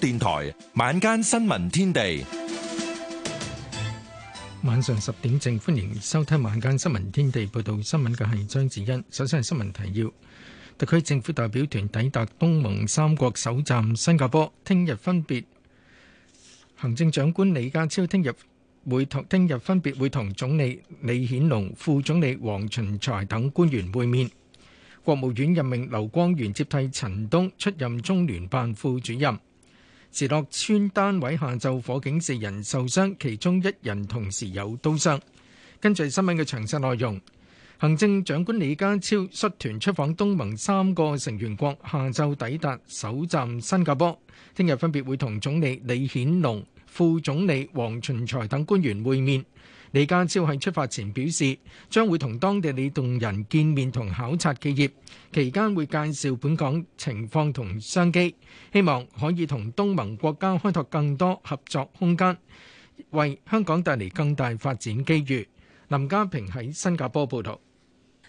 電台晚間新聞天地，晚上十點正歡迎收聽晚間新聞天地，報道新聞嘅係張子欣。首先係新聞提要：特區政府代表團抵達東盟三國首站新加坡，聽日分別行政長官李家超聽日會同聽日分別會同總理李顯龍、副總理黃循財等官員會面。國務院任命劉光源接替陳東出任中聯辦副主任。石落村單位下晝火警，四人受傷，其中一人同時有刀傷。跟住新聞嘅詳細內容，行政長官李家超率團出訪東盟三個成員國，下晝抵達首站新加坡，聽日分別會同總理李顯龍、副總理黃循財等官員會面。李家超喺出發前表示，將會同當地領導人見面同考察企業，期間會介紹本港情況同商機，希望可以同東盟國家開拓更多合作空間，為香港帶嚟更大發展機遇。林家平喺新加坡報道。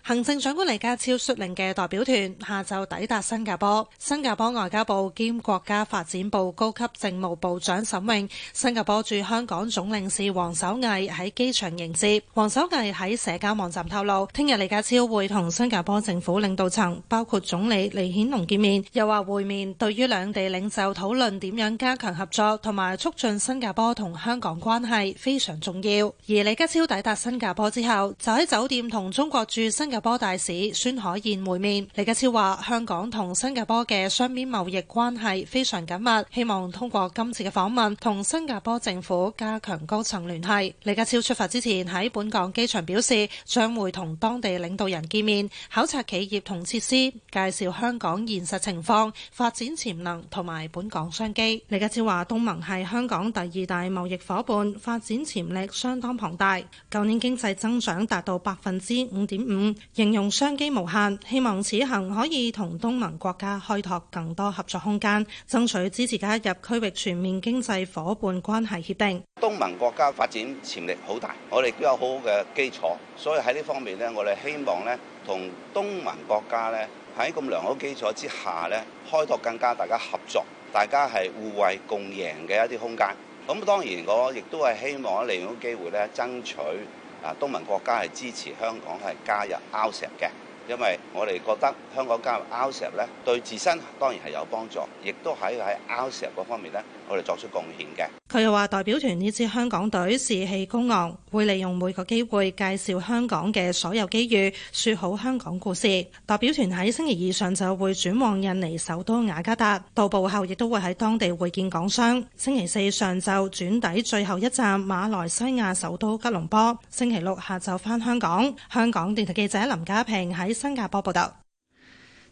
行政長官李家超率領嘅代表團下晝抵達新加坡。新加坡外交部兼國家發展部高級政務部長沈穎、新加坡駐香港總領事王守毅喺機場迎接。王守毅喺社交網站透露，聽日李家超會同新加坡政府領導層，包括總理李顯龍見面，又話會面對於兩地領袖討論點樣加強合作同埋促進新加坡同香港關係非常重要。而李家超抵達新加坡之後，就喺酒店同中國駐新加坡波大使孫可燕會面，李家超話香港同新加坡嘅雙邊貿易關係非常緊密，希望通過今次嘅訪問同新加坡政府加強高層聯繫。李家超出發之前喺本港機場表示，將會同當地領導人見面，考察企業同設施，介紹香港現實情況、發展潛能同埋本港商機。李家超話，東盟係香港第二大貿易夥伴，發展潛力相當龐大，舊年經濟增長達到百分之五點五。形容商機無限，希望此行可以同東盟國家開拓更多合作空間，爭取支持加入區域全面經濟夥伴關係協定。東盟國家發展潛力好大，我哋都有好好嘅基礎，所以喺呢方面呢，我哋希望呢同東盟國家呢喺咁良好基礎之下呢，開拓更加大家合作，大家係互惠共贏嘅一啲空間。咁當然我亦都係希望利用機會呢爭取。啊，東盟國家係支持香港係加入 RCEP 嘅，因為我哋覺得香港加入 RCEP 咧，對自身當然係有幫助，亦都喺喺 RCEP 嗰方面咧。我哋作出貢獻嘅。佢又話：代表團呢支香港隊士氣高昂，會利用每個機會介紹香港嘅所有機遇，説好香港故事。代表團喺星期二上晝會轉往印尼首都雅加達，到步後亦都會喺當地會見港商。星期四上晝轉抵最後一站馬來西亞首都吉隆坡，星期六下晝返香港。香港電台記者林家平喺新加坡報道。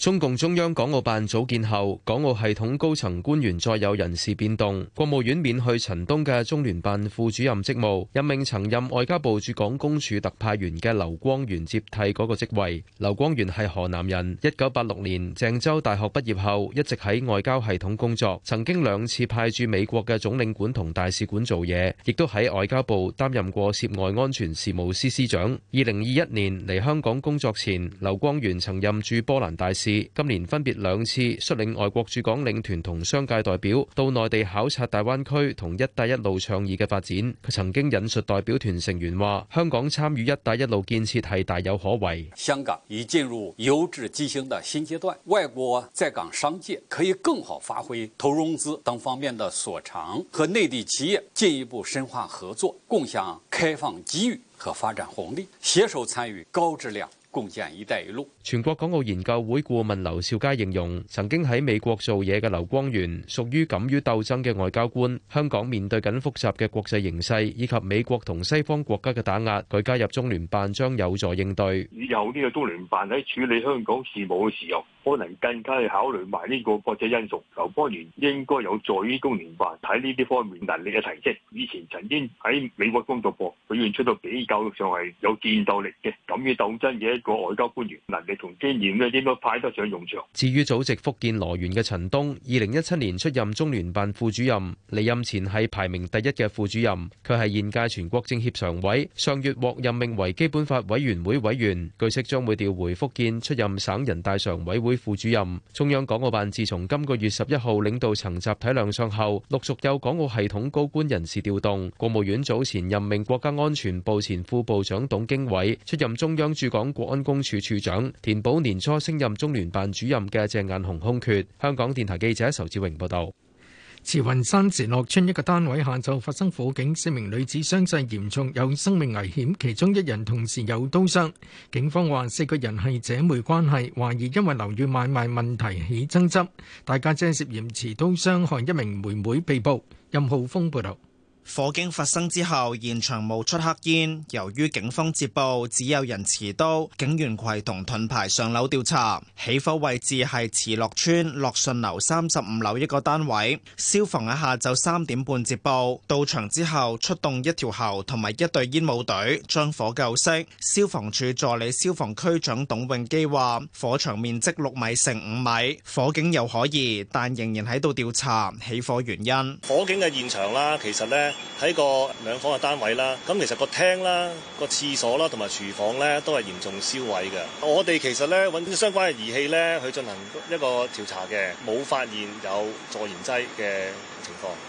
中共中央港澳辦組建後，港澳系統高層官員再有人事變動，國務院免去陳東嘅中聯辦副主任職務，任命曾任外交部駐港公署特派員嘅劉光源接替嗰個職位。劉光源係河南人，一九八六年鄭州大學畢業後一直喺外交系統工作，曾經兩次派駐美國嘅總領館同大使館做嘢，亦都喺外交部擔任過涉外安全事務司司長。二零二一年嚟香港工作前，劉光源曾任駐波蘭大使。今年分別兩次率領外國駐港領團同商界代表到內地考察大灣區同“一帶一路”倡議嘅發展。佢曾經引述代表團成員話，香港參與“一帶一路”建設係大有可為。香港已進入由治及興的新階段，外國在港商界可以更好發揮投融資等方面的所長，和內地企業進一步深化合作，共享開放機遇和發展紅利，攜手參與高質量。共建“一帶一路”。全國港澳研究會顧問劉兆佳形容，曾經喺美國做嘢嘅劉光源屬於敢於鬥爭嘅外交官。香港面對緊複雜嘅國際形勢，以及美國同西方國家嘅打壓，佢加入中聯辦將有助應對。以後呢個中聯辦喺處理香港事務嘅時候，可能更加要考慮埋呢個國際因素。劉邦源應該有助於工聯辦睇呢啲方面能力嘅提升。以前曾經喺美國工作過，表現出到比較上係有戰鬥力嘅，敢於鬥爭嘅一個外交官員能力同經驗呢，應該派得上用場。至於祖籍福建羅源嘅陳東，二零一七年出任中聯辦副主任，離任前係排名第一嘅副主任。佢係現屆全國政協常委，上月獲任命為基本法委員會委員，據悉將會調回福建出任省人大常委會委員。會副主任，中央港澳辦自從今個月十一號領導層集體亮相後，陸續有港澳系統高官人事調動。國務院早前任命國家安全部前副部長董經緯出任中央駐港國安公署署長，填補年初升任中聯辦主任嘅鄭雁雄空缺。香港電台記者仇志榮報道。慈雲山慈樂村一個單位下晝發生火警，四名女子傷勢嚴重，有生命危險，其中一人同時有刀傷。警方話四個人係姐妹關係，懷疑因為樓宇買賣問題起爭執，大家姐涉嫌持刀傷害一名妹妹被捕。任浩峰報道。火警發生之後，現場冒出黑煙。由於警方接報，只有人持刀，警員攜同盾牌上樓調查。起火位置係慈樂村樂順樓三十五樓一個單位。消防喺下晝三點半接報，到場之後出動一條喉同埋一隊煙霧隊將火救熄。消防處助理消防區長董永基話：，火場面積六米乘五米，火警有可疑，但仍然喺度調查起火原因。火警嘅現場啦，其實呢。喺個兩房嘅單位啦，咁其實個廳啦、個廁所啦同埋廚房咧都係嚴重燒毀嘅。我哋其實咧搵啲相關嘅儀器咧去進行一個調查嘅，冇發現有助燃劑嘅。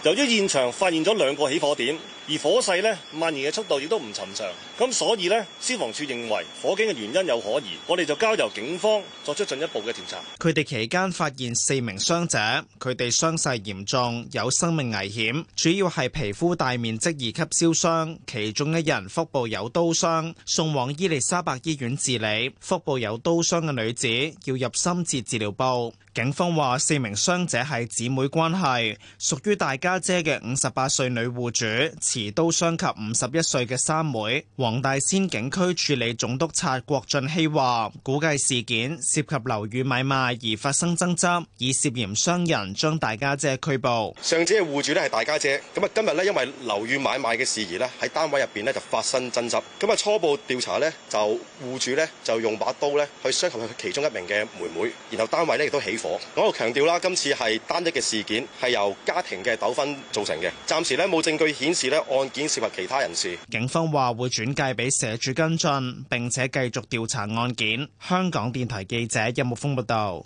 由於現場發現咗兩個起火點，而火勢呢蔓延嘅速度亦都唔尋常，咁所以呢消防處認為火警嘅原因有可疑，我哋就交由警方作出進一步嘅調查。佢哋期間發現四名傷者，佢哋傷勢嚴重，有生命危險，主要係皮膚大面積二級燒傷，其中一人腹部有刀傷，送往伊利沙伯醫院治理。腹部有刀傷嘅女子要入深切治，治療部。警方話四名傷者係姊妹關係，屬於大家姐嘅五十八歲女戶主持刀傷及五十一歲嘅三妹。黃大仙警區署理總督察郭俊希話：估計事件涉及樓宇買賣而發生爭執，以涉嫌傷人將大家姐拘捕。上次嘅戶主咧係大家姐，咁啊今日咧因為樓宇買賣嘅事宜咧喺單位入邊咧就發生爭執，咁啊初步調查咧就戶主咧就用把刀咧去傷及佢其中一名嘅妹妹，然後單位咧亦都起。我強調啦，今次係單一嘅事件，係由家庭嘅糾紛造成嘅。暫時呢，冇證據顯示呢案件涉及其他人士。警方話會轉介俾社署跟進，並且繼續調查案件。香港電台記者任木峯報道。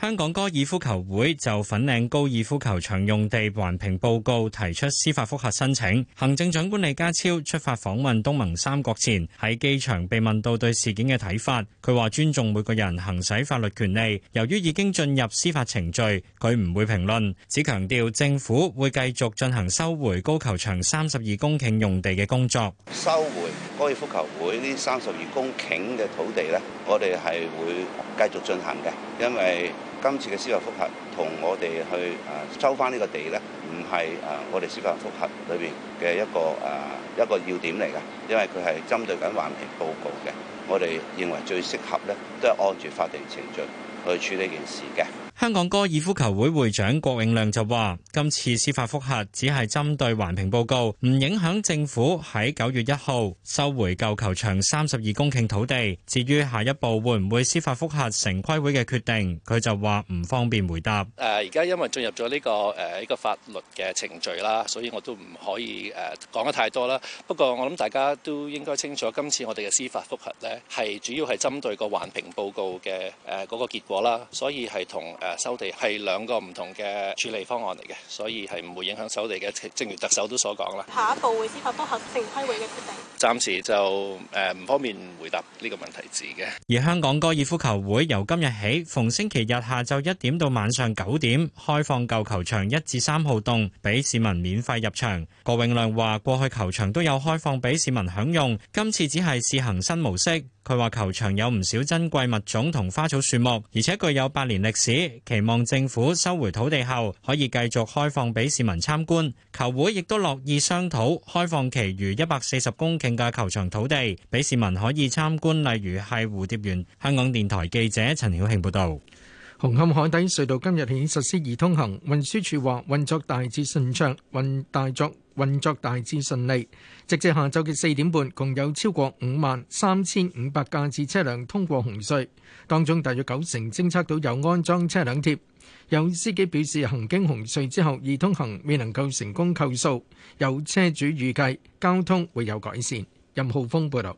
香港高爾夫球會就粉嶺高爾夫球場用地環評報告提出司法複核申請。行政長官李家超出發訪問東盟三國前，喺機場被問到對事件嘅睇法，佢話尊重每個人行使法律權利。由於已經進入司法程序，佢唔會評論，只強調政府會繼續進行收回高球場三十二公頃用地嘅工作。收回高爾夫球會呢三十二公頃嘅土地呢，我哋係會繼續進行嘅，因為今次嘅司法複核同我哋去誒收翻呢個地咧，唔係誒我哋司法複核裏邊嘅一個誒一個要點嚟噶。因為佢係針對緊環評報告嘅。我哋認為最適合咧，都係按住法定程序去處理件事嘅。香港高爾夫球會會長郭永亮就話：今次司法覆核只係針對環評報告，唔影響政府喺九月一號收回舊球場三十二公頃土地。至於下一步會唔會司法覆核城規會嘅決定，佢就話唔方便回答。誒，而家因為進入咗呢個誒呢個法律嘅程序啦，所以我都唔可以誒講得太多啦。不過我諗大家都應該清楚，今次我哋嘅司法覆核呢係主要係針對個環評報告嘅誒嗰個結果啦，所以係同。誒收地係兩個唔同嘅處理方案嚟嘅，所以係唔會影響收地嘅。正如特首都所講啦。下一步會司法覆核城規會嘅決定。暫時就誒唔方便回答呢個問題字嘅。而香港高爾夫球會由今日起，逢星期日下晝一點到晚上九點開放舊球場一至三號洞，俾市民免費入場。郭永亮話：過去球場都有開放俾市民享用，今次只係試行新模式。佢話球場有唔少珍貴物種同花草樹木，而且具有百年歷史。期望政府收回土地後，可以繼續開放俾市民參觀。球會亦都樂意商討開放其餘一百四十公頃嘅球場土地俾市民可以參觀，例如係蝴蝶園。香港電台記者陳曉慶報導。紅磡海底隧道今日起實施易通行，運輸署話運作大致順暢，運大作。運作大致順利。直至下晝嘅四點半，共有超過五萬三千五百架次車輛通過紅隧，當中大約九成偵測到有安裝車輛貼。有司機表示行經紅隧之後易通行，未能夠成功扣數。有車主預計交通會有改善。任浩峰報道。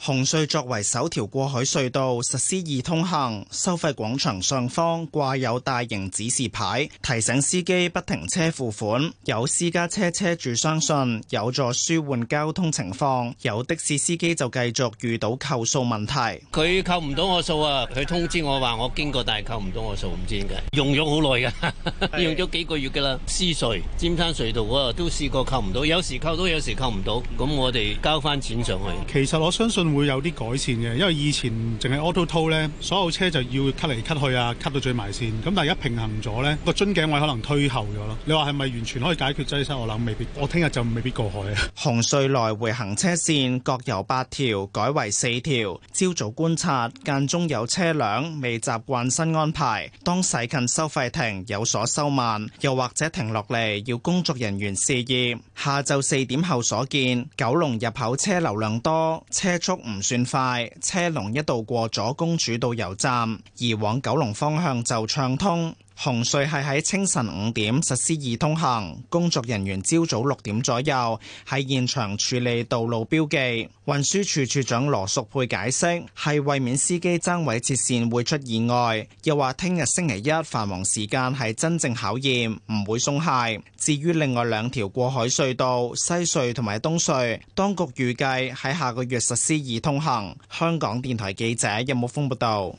紅隧作為首條過海隧道，實施易通行，收費廣場上方掛有大型指示牌，提醒司機不停車付款。有私家車車主相信有助舒緩交通情況，有的士司機就繼續遇到扣數問題。佢扣唔到我數啊！佢通知我話我經過，但係扣唔到我數，唔知點解。用咗好耐㗎，用咗幾個月噶啦。獅隧、尖山隧道啊都試過扣唔到，有時扣到，有時扣唔到。咁我哋交返錢上去。其實我相信。會有啲改善嘅，因為以前淨係 auto toll 咧，所有車就要 cut 嚟 cut 去啊，cut 到最埋線。咁但係而家平衡咗咧，個樽頸位可能推後咗咯。你話係咪完全可以解決擠塞？我諗未必，我聽日就未必過海啊。紅隧來回行車綫各由八條改為四條。朝早觀察間中有車輛未習慣新安排，當駛近收費亭有所收慢，又或者停落嚟，要工作人員示意。下晝四點後所見，九龍入口車流量多，車速唔算快，車龍一度過咗公主道油站，而往九龍方向就暢通。紅隧係喺清晨五點實施易通行，工作人員朝早六點左右喺現場處理道路標記。運輸處處長羅淑佩解釋，係為免司機爭位切線會出意外，又話聽日星期一繁忙時間係真正考驗，唔會鬆懈。至於另外兩條過海隧道西隧同埋東隧，當局預計喺下個月實施易通行。香港電台記者任木峰報道。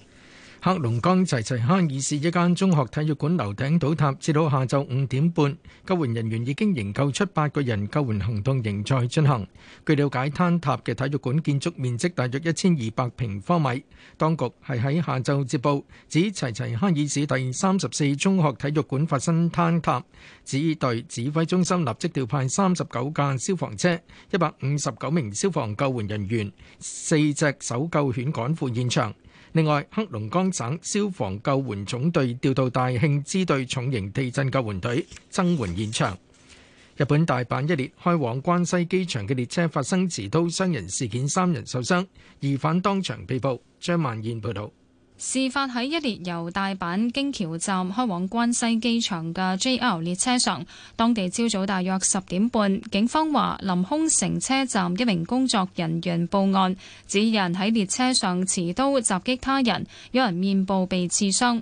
黑龍江齊齊哈爾市一間中學體育館樓頂倒塌，至到下晝五點半，救援人員已經營救出八個人，救援行動仍在進行。據了解，坍塌嘅體育館建築面積大約一千二百平方米。當局係喺下晝接報，指齊齊哈爾市第三十四中學體育館發生坍塌，支隊指揮中心立即調派三十九架消防車、一百五十九名消防救援人員、四隻搜救犬趕赴現場。另外，黑龍江省消防救援總隊調到大慶支隊重型地震救援隊增援現場。日本大阪一列開往關西機場嘅列車發生持刀傷人事件，三人受傷，疑犯當場被捕。張曼燕報道。事發喺一列由大阪京橋站開往關西機場嘅 JR 列車上，當地朝早大約十點半，警方話臨空城車站一名工作人員報案，指有人喺列車上持刀襲擊他人，有人面部被刺傷。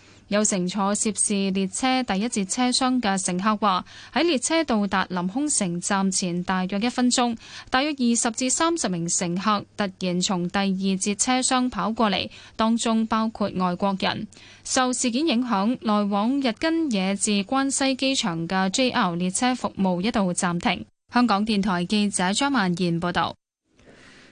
有乘坐涉事列車第一節車廂嘅乘客話，喺列車到達臨空城站前大約一分鐘，大約二十至三十名乘客突然從第二節車廂跑過嚟，當中包括外國人。受事件影響，來往日根野至關西機場嘅 JR 列車服務一度暫停。香港電台記者張曼燕報道。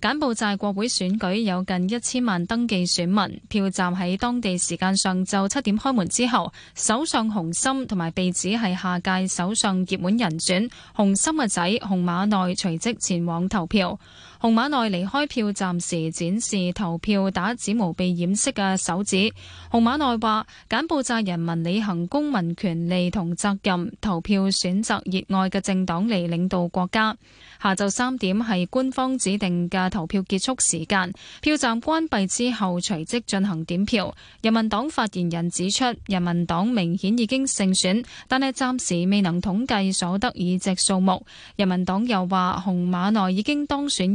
柬埔寨國會選舉有近一千萬登記選民，票站喺當地時間上晝七點開門之後，首相洪森同埋被指係下屆首相熱門人選，洪森嘅仔洪瑪內隨即前往投票。洪馬內離開票站時展示投票打指模被掩飾嘅手指。洪馬內話：柬埔寨人民履行公民權利同責任，投票選擇熱愛嘅政黨嚟領導國家。下晝三點係官方指定嘅投票結束時間。票站關閉之後，隨即進行點票。人民黨發言人指出，人民黨明顯已經勝選，但係暫時未能統計所得議席數目。人民黨又話：洪馬內已經當選。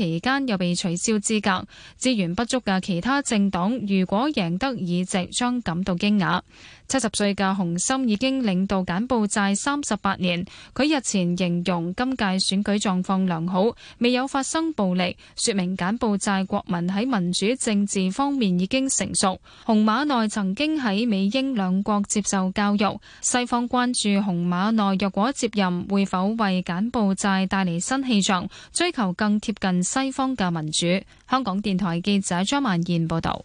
期間又被取消資格，資源不足嘅其他政黨如果贏得議席，將感到驚訝。七十歲嘅洪森已經領導柬埔寨三十八年，佢日前形容今屆選舉狀況良好，未有發生暴力，説明柬埔寨國民喺民主政治方面已經成熟。洪馬內曾經喺美英兩國接受教育，西方關注洪馬內若果接任，會否為柬埔寨帶嚟新氣象，追求更貼近西方嘅民主。香港電台記者張曼燕報導。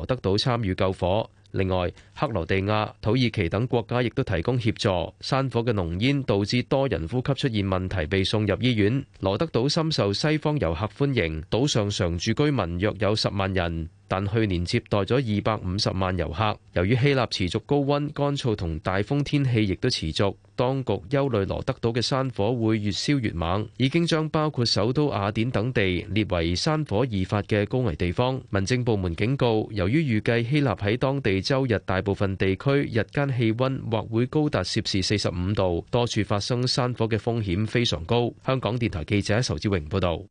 得到參與救火。另外，克羅地亞、土耳其等國家亦都提供協助。山火嘅濃煙導致多人呼吸出現問題，被送入醫院。羅德島深受西方遊客歡迎，島上常住居民約有十萬人，但去年接待咗二百五十萬遊客。由於希臘持續高温、乾燥同大風天氣亦都持續，當局憂慮羅德島嘅山火會越燒越猛，已經將包括首都雅典等地列為山火易發嘅高危地方。民政部門警告，由於預計希臘喺當地。周日大部分地區日間氣温或會高達攝氏四十五度，多處發生山火嘅風險非常高。香港電台記者仇志榮報導。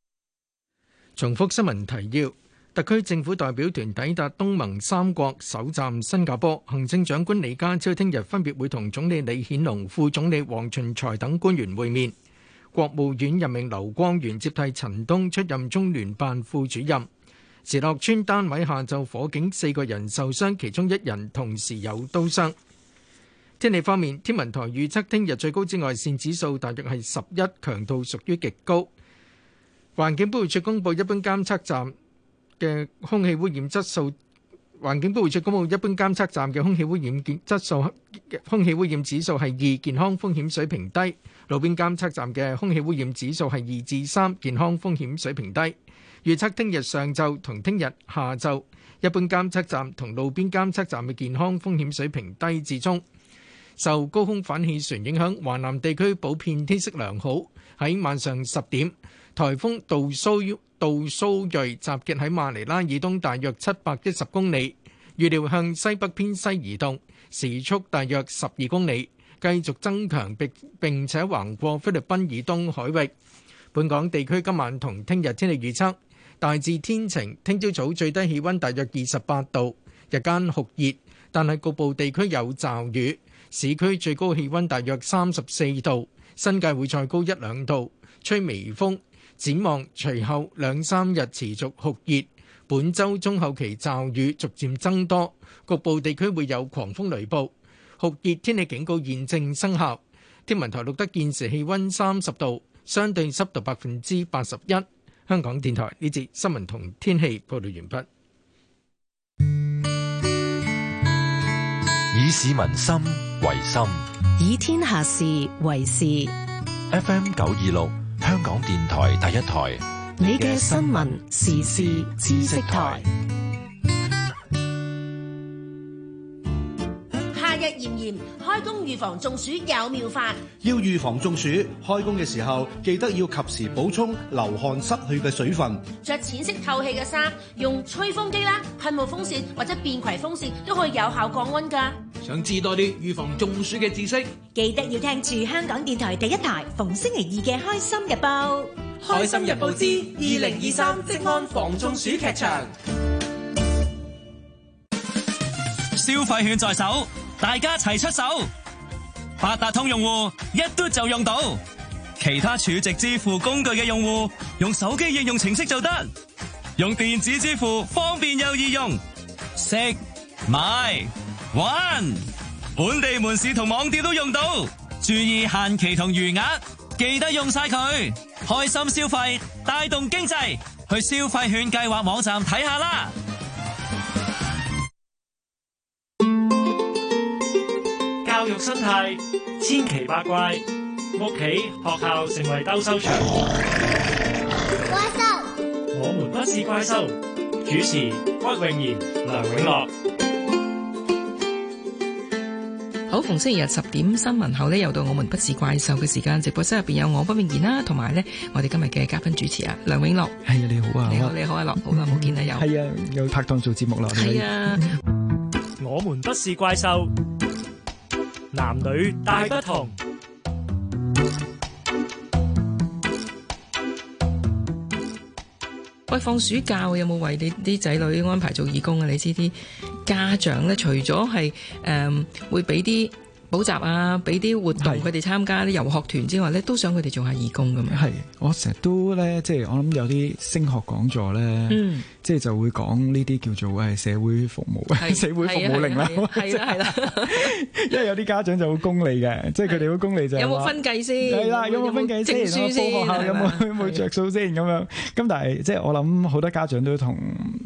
重複新聞提要：特區政府代表團抵達東盟三國首站新加坡，行政長官李家超聽日分別會同總理李顯龍、副總理黃循財等官員會面。國務院任命劉光源接替陳東出任中聯辦副主任。時樂村單位下晝火警，四個人受傷，其中一人同時有刀傷。天氣方面，天文台預測聽日最高紫外線指數大約係十一，強度屬於極高。環境保護署公布一般監測站嘅空氣污染質素，環境保護署公布一般監測站嘅空氣污染質素，空氣污染指數係二，健康風險水平低。路邊監測站嘅空氣污染指數係二至三，健康風險水平低。預測聽日上晝同聽日下晝，一般監測站同路邊監測站嘅健康風險水平低至中。受高空反氣旋影響，華南地區普遍天色良好。喺晚上十點，颱風杜蘇杜蘇芮集結喺馬尼拉以東大約七百一十公里，預料向西北偏西移動，時速大約十二公里，繼續增強並並且橫過菲律賓以東海域。本港地區今晚同聽日天氣預測。大致天晴，聽朝早最低氣温大約二十八度，日間酷熱，但係局部地區有驟雨。市區最高氣温大約三十四度，新界會再高一兩度，吹微風。展望隨後兩三日持續酷熱，本周中後期驟雨逐漸增多，局部地區會有狂風雷暴。酷熱天氣警告現正生效。天文台錄得現時氣温三十度，相對濕度百分之八十一。香港電台呢節新聞同天氣報道完畢。以市民心為心，以天下事為事。FM 九二六，香港電台第一台，你嘅新聞時事知識台。炎炎開工預防中暑有妙法，要預防中暑，開工嘅時候記得要及時補充流汗失去嘅水分，着淺色透氣嘅衫，用吹風機啦、噴霧風扇或者便攜風扇都可以有效降溫㗎。想知多啲預防中暑嘅知識，記得要聽住香港電台第一台逢星期二嘅《開心日報》，《開心日報之二零二三職安防中暑劇場》，消費券在手，大家齊出手，八達通用戶一嘟就用到，其他儲值支付工具嘅用戶用手機應用程式就得，用電子支付方便又易用，食買玩，本地門市同網店都用到，注意限期同餘額，記得用晒佢，開心消費帶動經濟，去消費券計劃網站睇下啦。生態，千奇百怪，屋企學校成為兜收場。怪獸，我們不是怪獸。主持：屈穎妍、梁永樂。好，逢星期日十點新聞後咧，又到我們不是怪獸嘅時間。直播室入邊有我屈穎妍啦，同埋咧我哋今日嘅嘉賓主持啊，梁永樂。係啊，你好啊，你好，你好啊，樂，好耐冇見啦，又係啊，又拍檔做節目啦。係啊，我們不是怪獸。男女大不同。喂，放暑假有冇為你啲仔女安排做義工啊？你知啲家長咧，除咗係誒，會俾啲。補習啊，俾啲活動佢哋參加啲遊學團之外咧，都想佢哋做下義工咁樣。係，我成日都咧，即係我諗有啲升學講座咧，即係就會講呢啲叫做係社會服務嘅社會服務令啦。係啦，因為有啲家長就好功利嘅，即係佢哋好功利。就有冇分計先？係啦，有冇分計先？有冇報學校？有冇着數先？咁樣。咁但係即係我諗好多家長都同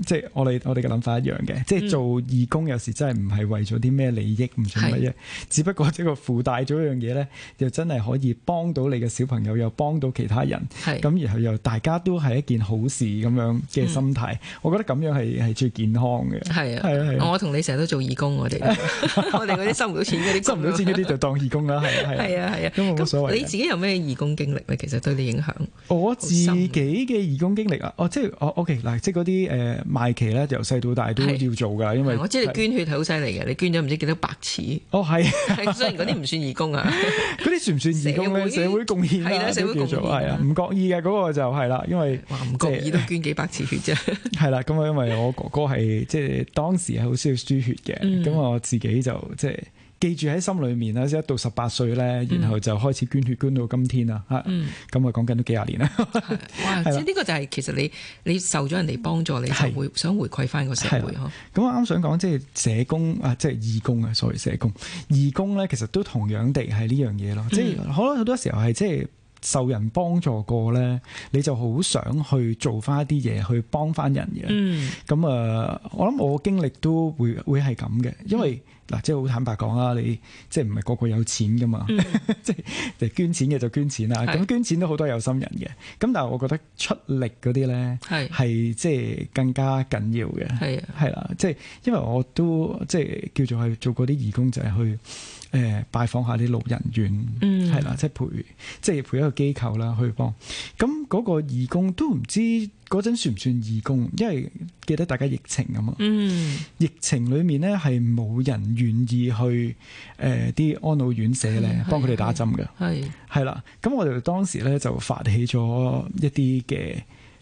即係我哋我哋嘅諗法一樣嘅，即係做義工有時真係唔係為咗啲咩利益，唔做乜嘢，只不。個即係個附帶咗樣嘢咧，就真係可以幫到你嘅小朋友，又幫到其他人，咁是然後又大家都係一件好事咁樣嘅心態，嗯、我覺得咁樣係係最健康嘅。係啊，係啊，啊我同你成日都做義工，我哋 我哋嗰啲收唔到錢嗰啲，收唔到錢嗰啲就當義工啦，係係啊係啊，咁冇、啊啊、所謂。你自己有咩義工經歷咧？其實對你影響？我自己嘅義工經歷啊，哦，即係我、哦、OK 嗱，即係嗰啲誒賣旗咧，由細到大都要做噶，因為、啊、我知你捐血好犀利嘅，你捐咗唔知幾多百次。哦，係、啊。 雖然嗰啲唔算義工啊，嗰啲算唔算義工咧？社會，社會貢獻係、啊、啦，的社會貢獻係啊，唔覺意嘅嗰個就係啦，因為唔覺意都捐幾百次血啫。係啦，咁啊，因為我哥哥係即係當時係好需要輸血嘅，咁、嗯、我自己就即係。就是記住喺心裏面啦，一到十八歲咧，然後就開始捐血，捐到今天啊，吓，咁啊，講緊都幾廿年啦。哇，即呢個就係其實你你受咗人哋幫助，你就會想回饋翻個社會嗬。咁我啱想講即係社工啊，即係義工啊，所謂社工、義工咧，其實都同樣地係呢樣嘢咯。即係好多好多時候係即係受人幫助過咧，你就好想去做翻一啲嘢去幫翻人嘅。嗯，咁啊，我諗我經歷都會會係咁嘅，因為。嗱，即係好坦白講啦，你即係唔係個個有錢㗎嘛？嗯、 即係捐錢嘅就捐錢啦，咁的捐錢都好多有心人嘅。咁但係我覺得出力嗰啲咧，係即係更加緊要嘅。係啊的，啦的，即係因為我都即係叫做係做過啲義工，就係、是、去誒、呃、拜訪下啲老人院，係啦、嗯，即係陪即係陪一個機構啦去幫。咁嗰、嗯、個義工都唔知。嗰陣算唔算義工？因為記得大家疫情咁嘛，嗯、疫情裏面咧係冇人願意去誒啲、呃、安老院舍咧幫佢哋打針嘅，係係啦。咁我哋當時咧就發起咗一啲嘅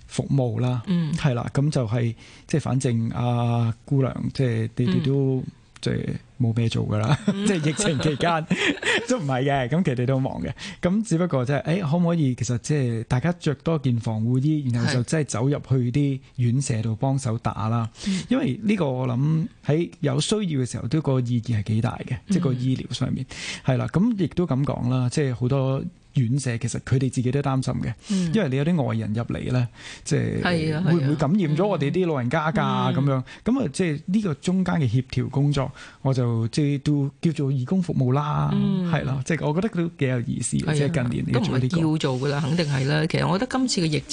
服務啦，嗯，係啦。咁就係即係反正阿、啊、姑娘，即係你哋都。嗯 即係冇咩做噶啦，即係疫情期間 都唔係嘅，咁其實你都忙嘅，咁只不過即係，誒、欸、可唔可以其實即係大家着多件防護衣，然後就真係走入去啲院舍度幫手打啦，因為呢個我諗喺有需要嘅時候，都個意義係幾大嘅， 即係個醫療上面係啦，咁亦都咁講啦，即係好多。院舍其實佢哋自己都擔心嘅，嗯、因為你有啲外人入嚟咧，即、就、係、是啊啊、會唔會感染咗我哋啲老人家㗎咁、嗯、樣，咁啊，即係呢個中間嘅協調工作，我就即係都叫做義工服務啦，係啦、嗯，即係、啊、我覺得都幾有意思，即係近年你做呢、這個。都要做㗎啦，肯定係啦。其實我覺得今次嘅疫情